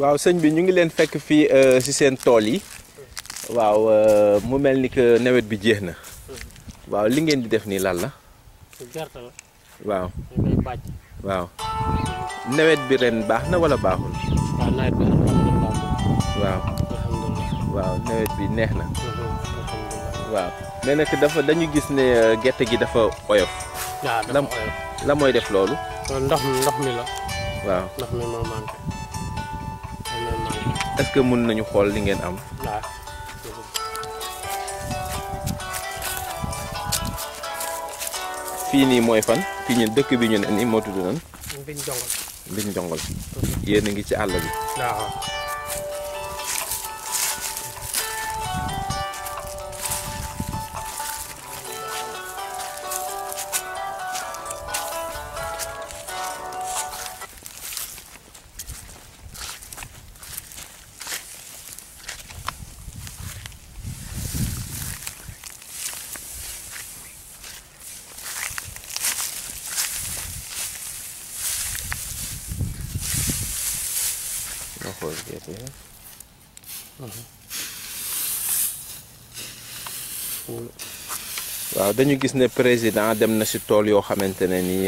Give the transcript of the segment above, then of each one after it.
waaw sëñ bi ñu ngi leen fekk fii ci euh, seen tool yi waaw euh, mu mel ni que nawet bi jeex na waaw li ngeen di def nii lan la. gerte la. waaw. nawet bi ren baax na wala baaxul. waaw nawet bi neex na. waaw mais nag dafa dañu gis ne euh, gerte gi dafa oyof. la mooy def loolu. ndox mi ndox mi la. waaw ndox est-ce mën nañu xool li ngeen am. fii nii mooy fan fii ñu dëkk bi ñu ne nii moo tudd nan. Mbiñ Jongol. Mbiñ Jongol. a ngi ci àll bi. supposed waaw dañu gis ne président dem na ci uh, tool yoo xamante ne ni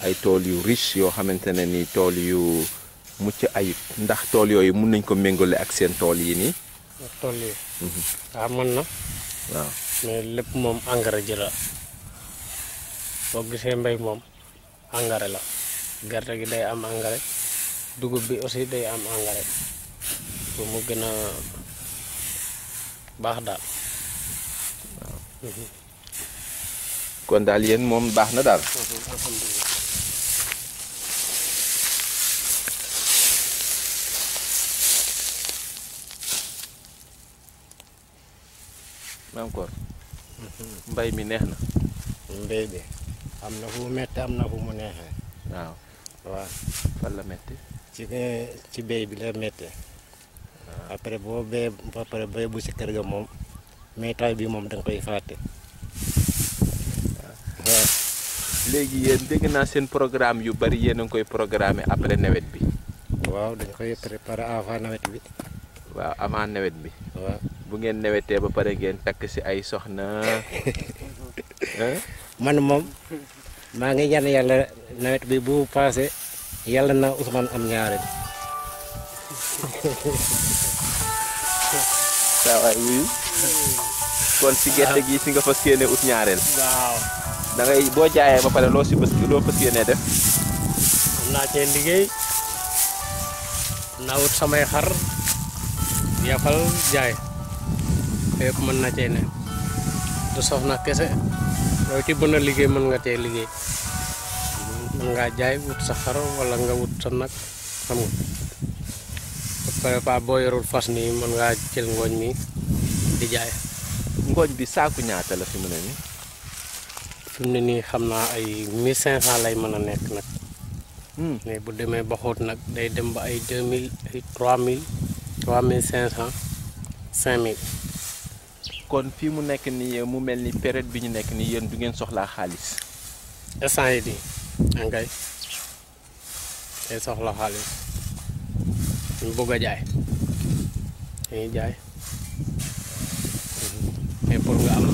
ay tool yu riche yoo xamante ne ni tool yu mucc ayib ndax tool yooyu mun nañ ko méngale ak seen tool yi nii. tool yi. waaw mm-hmm. ah, mën na. waaw mais moom engrais ji la boo gisee mbéy moom engrais la gerte gi day am engrais. dugub bi aussi day am engrais pour mu gën a baax daal kon daal yéen moom baax na daal mhm. maam mbay mi neex na mbay bi am na fu mu metti am na fu mu neexee waaw waaw fan la metti ci ngay eh, ci béy bi la méttee ah. après boo béyee ba pare béy bu si kër ga moom méttaay bi moom da koy fàtte. waaw ah. léegi yéen dégg naa seen programme yu bari yéen a ngi koy programmer après nawet bi. waaw dañ koy préparer avant nawet bi. waaw avant nawet bi. bu ngeen nawetee ba pare ngeen takk si ay soxna. man moom maa ngi ñaan yàlla nawet bi bu paase. yalla na usman am ñaare saa waay wuyu. kon ci gette gi si ah. nga fas yéene ut ñaareel. waaw. da ngay bo jaaye ba pare lo ci fas lo fas def. am naa cee liggéey. naa ut samay xar. yafal jaay. yëpp mën na ci ne. do soxna kesse do ci bëna liggéey mën nga cee liggéey. mën ngaa jaay wut sa xar walla nga wut sa nag xam nga ba boo yorul fas nii mën ngaa jël ngooñ mi di jaay. ngooñ bi saaku ñaata la fi mu ne nii. fi mu ne nii xam naa ay 1500 lay mën a nekk nag. Hmm. mais bu demee ba xoot nag day dem ba ay 2000 ay 3000 3500 5000. kon fii mu nekk nii mu mel ni période bi ñu nekk nii yéen du ngeen soxlaa xaalis. instant di ankay tey soxla xaalis ñu bëgg a jaay dañuy jaay mais pour nga am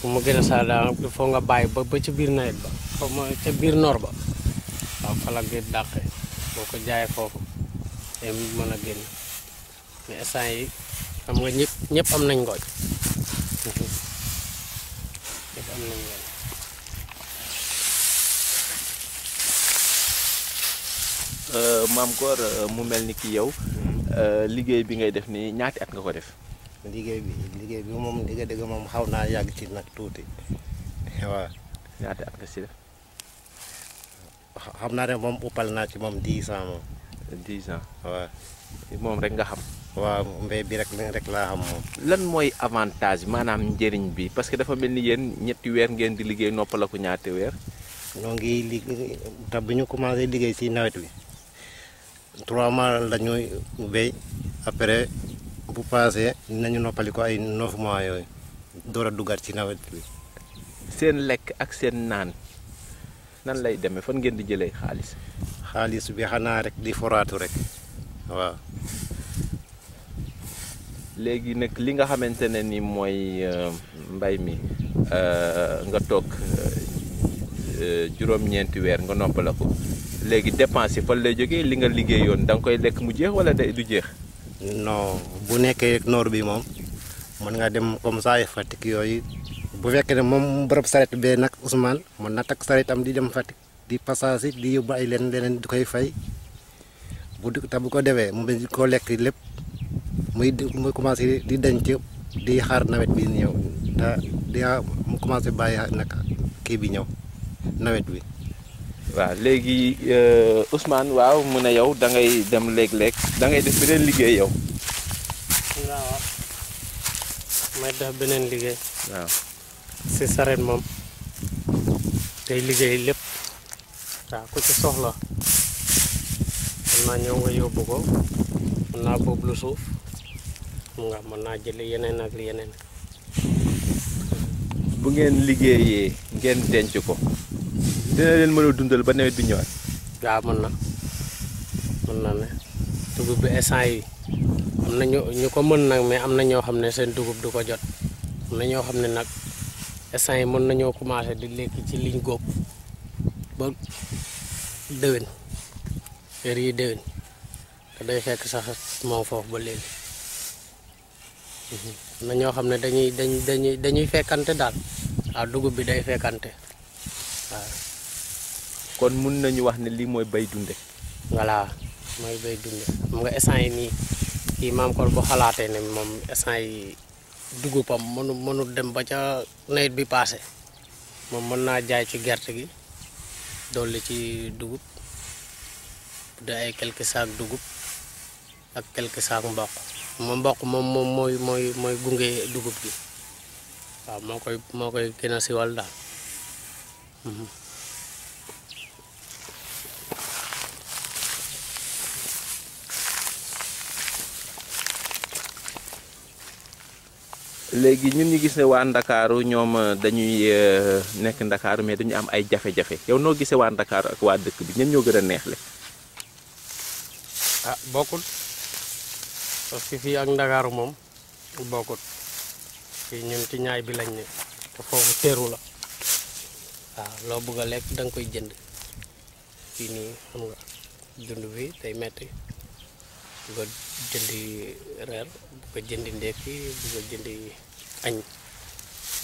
bu mu gën a saa daa il nga bàyyi ba ba ci biir nawet ba xaw ma ca biir noor ba waaw fala gi dàqe boo ko jaay foofu day mën a génn mais instant yi xam nga ñëpp ñëpp am nañ ngooñ ñëpp Euh, maam Koor euh, mu mel ni ki yow euh, liggéey bi ngay def nii ñaati at nga ko def. liggéey bi liggéey bi moom dëgg-dëgg moom xaw naa yàgg ci nag tuuti waaw. ñaati at nga si def. xam naa ne moom uppal naa ci moom dix ans moom. dix an waaw. moom rek nga xam. waaw mbéy bi rek rek laa xam moom. lan mooy avantage maanaam njëriñ bi parce que dafa mel ni yéen ñetti weer ngeen di liggéey noppalaku ñaati weer. ñoo ngi liggéey te bu ñu commencé liggéey si nawet bi. trois mois la ñuy béy après bu paasee nañu noppaliku ay neuf mois yooyu door a duggaat ci nawet bi. seen lekk ak seen naan nan lay demee fan ngeen di jëlee xaalis. xaalis bi xanaa rek di foraatu rek waaw. léegi nag li nga xamante ne ni mooy euh, mbay mi euh, nga toog. jurom ñenti wër nga noppalako légui dépenser fa lay joggé li nga liggé da dang koy lek mu jeex wala day du jeex non bu nekkee nor bi mom mën nga dem comme ça fatik yoy bu fekkee né mom borop saret bé nak Ousmane mën na takk saretam di dem fatik di passage di yóbbu ay leen leneen di koy fay bu te bu ko déwé mu di ko lek lépp muy mu commencé di denc di xaar nawet bi ñew da dia mu commencé baye nak ki bi ñew nawet wi. waaw léegi euh, Ousmane waaw mu ne yow dangay dem léeg lekk dangay def beneen liggéey yow. waaw may def beneen liggéey. waaw si saret moom day liggéey lépp. waaw ku ci soxla mën naa ñëw nga yóbbu ko mën naa boobu lu suuf mu nga mën naa jëli yeneen ak yeneen. bu ngeen liggéeyee ngeen denc ko. dina len meuna dundal ba nawet bi ñëwaat ga man na man na ne dugub bi instant yi am na ñu ko mën nak mais am na ñoo xam seen dugub du ko jot am na ñoo xam ne nag instant yi mën nañoo commencer di lek ci liñ gop ba dewen heure yi déwén te day fekk sax mo foofu ba leen mhm. am na ñoo xam ne dañuy dañuy dañuy fekkante dal waaw dugub bi day fekkante waaw kon mën nañu wax ne li moy bay dunde wala moy bay dunde xam nga instant yi ki kii maam kon bo xalaatee ne mom instant yi dugubam mënu mënu dem ba ca nayit bi passé mom mën na jaay ci gerte gi dolli ci dugub da ay quelques saak dugub ak quelques saak mbokk mom mbokk mom mom moy moy moy gunge dugup gi waaw mo koy moo koy gën siwal daal mhm. léegi ñun ñu gis ne waa Ndakaaru ñoom euh, dañuy euh, nekk Ndakaaru mais dañu am ay jafe-jafe yow noo gisee waa Ndakaaru ak waa dëkk bi ñen ñoo gën a neexle. ah bokkut parce fii ak Ndakaaru moom bokkul fii ñun ci ñaay bi lañ ne te foofu teeru la waaw loo bëgg a lekk da koy jënd fii nii xam nga dund bi tey metti buka jendi reer buka jëndi ndekki buka jëndi añ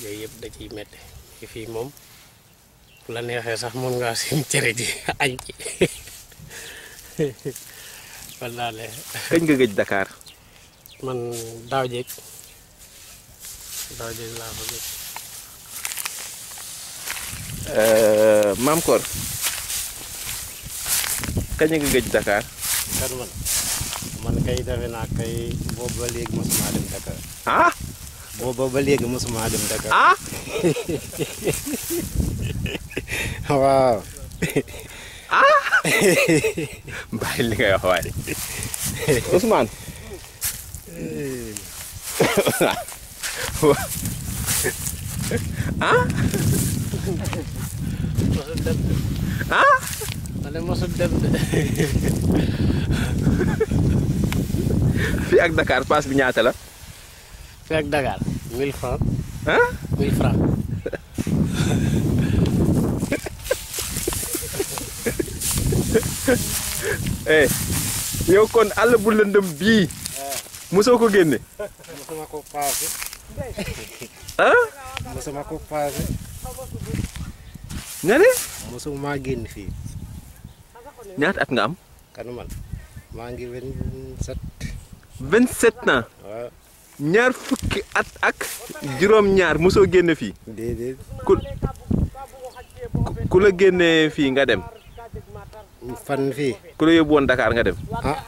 yooyu ya, yëpp da ciy metti fii moom bu la neexee sax sim cere ji añ ci wallaale kañ nga Dakar man daaw jéeg daaw jéeg laa fa gëj maam Kor kañ nga gëj Dakar kan man మనకై ఇదవి నాకై బొబ్బలిగి ముసు మాలిం దక బొబ్బలిగి ముసు మాలిం దక wow bàyyi li nga wax waaye Ousmane ah ah تلم صدمت في اك دكار باس بنياتا لا في اك Dakar, 1000 فرانك Hein? 1000 فرانك eh yow kon Allah bu lëndëm bi. mosoo ko génne mosuma ko paase Hein? mosuma ko paase Nani? ne mosuma ñaata at nga am. kan maa ngi 27. 27 ans. waaw ñaar fukki at ak juróom-ñaar mosoo génne fii. déedéet. ku ku la génnee fii nga dem. fan fii. ku la yóbbu nga dem. ah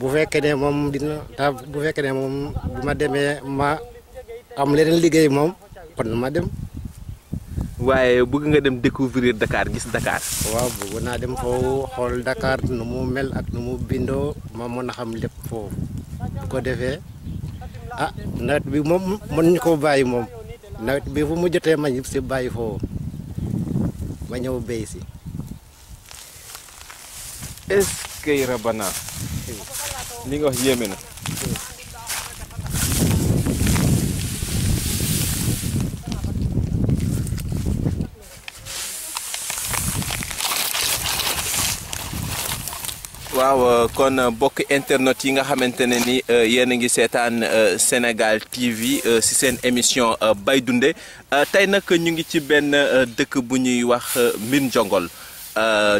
bu fekkee ne moom dina ta bu fekkee ne moom bu ma demee ma am leneen liggéey moom kon ma dem. waaye bugg nga dem découvrir Dakar gis Dakar. waaw bëgg naa dem foofu xool Dakar nu mu mel ak nu mu bindoo ma mën a xam lépp foofu bu ko defee ah nawet bi moom mën ñu ko bàyyi moom nawet bi fu mu jotee ma ñib si bàyyi foofu ma ñëw béy si. est rabana li nga wax yéeme na. waaw euh, kon euh, bokk internet yi nga xamante ne ni euh, yéen a ngi seetaan Sénégal TV si seen émission Bay Dundé tey nag ñu ngi ci benn dëkk bu ñuy wax Mbine Ndiongol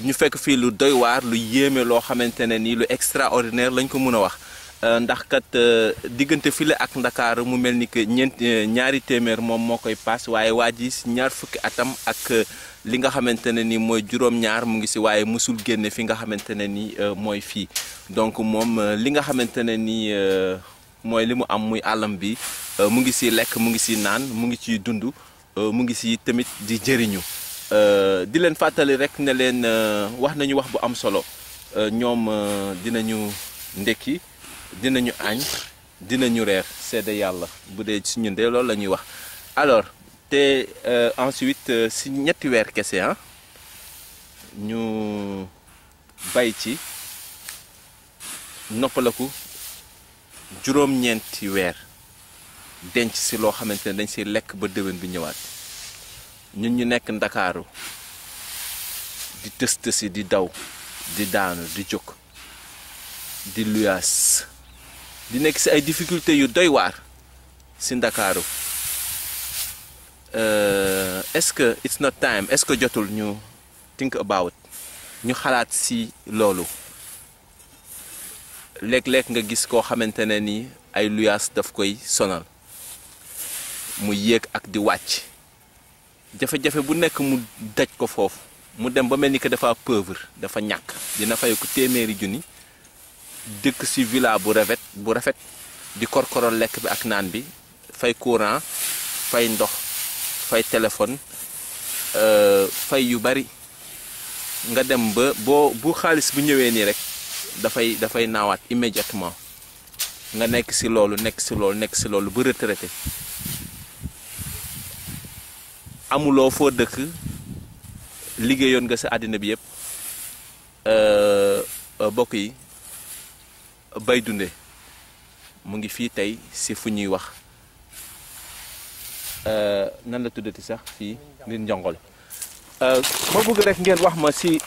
ñu fekk fii lu doy lu yéeme loo xamante ne ni lu extraordinaire lañ ko mun a wax. Euh, ndaxkat kat euh, diggante file ak ndakaaru mu mel ni que ñeent euh, ñaari téeméer moom moo koy paas waaye waa ji ñaar fukki atam ak li nga xamante ne ni mooy juróom-ñaar mu ngi si waaye mosul génne fi nga xamante ne ni mooy fii donc moom li nga xamante ne ni mooy li mu am muy àllam bi mu ngi si lekk mu ngi si naan mu ngi ciy dund mu ngi si tamit di jëriñu di leen fàttali rek ne leen wax nañu wax bu am solo ñoom dinañu ndekki dinañu añ dinañu reer seede yàlla bu dee si ñun dé lool lañuy wax alors te euh, ensuite ci euh, ñetti weer kessé hein ah, ñu bay ci noppalaku juroom ñenti weer denc ci lo xamante dañ ci lek ba dewen bi ñëwaat ñun ñu nekk dakaru di ci di daw di daanu di jokk di luyas di nekk si ay difficultés yu doy waar ci Ndakaaru euh, est-ce que it's not time est-ce que jotul ñu think about ñu xalaat si loolu léeg-léeg nga gis koo xamante ne ni ay luyaas daf koy sonal mu yéeg ak di wàcc jafe-jafe bu nekk mu daj ko foofu mu dem ba mel ni que dafa pauvre dafa ñàkk dina fay ko téeméeri junni dëkk si villa bu rafet bu rafet di korkoral lekk bi ak naan bi fay courant fay ndox fay téléphone euh, fay yu bari nga dem ba bo bu xaalis bu ñëwee ni rek da fay naawaat immédiatement nga nekk si loolu nekk si loolu nekk si loolu bu retraité amuloo foo dëkk liggéeyoon nga sa àddina bi yëpp euh, euh, yi bay dunde mu ngi fii tey si fu ñuy wax euh, nan la tuddati sax fii nit njongol euh, ma bëgg rek ngeen wax ma si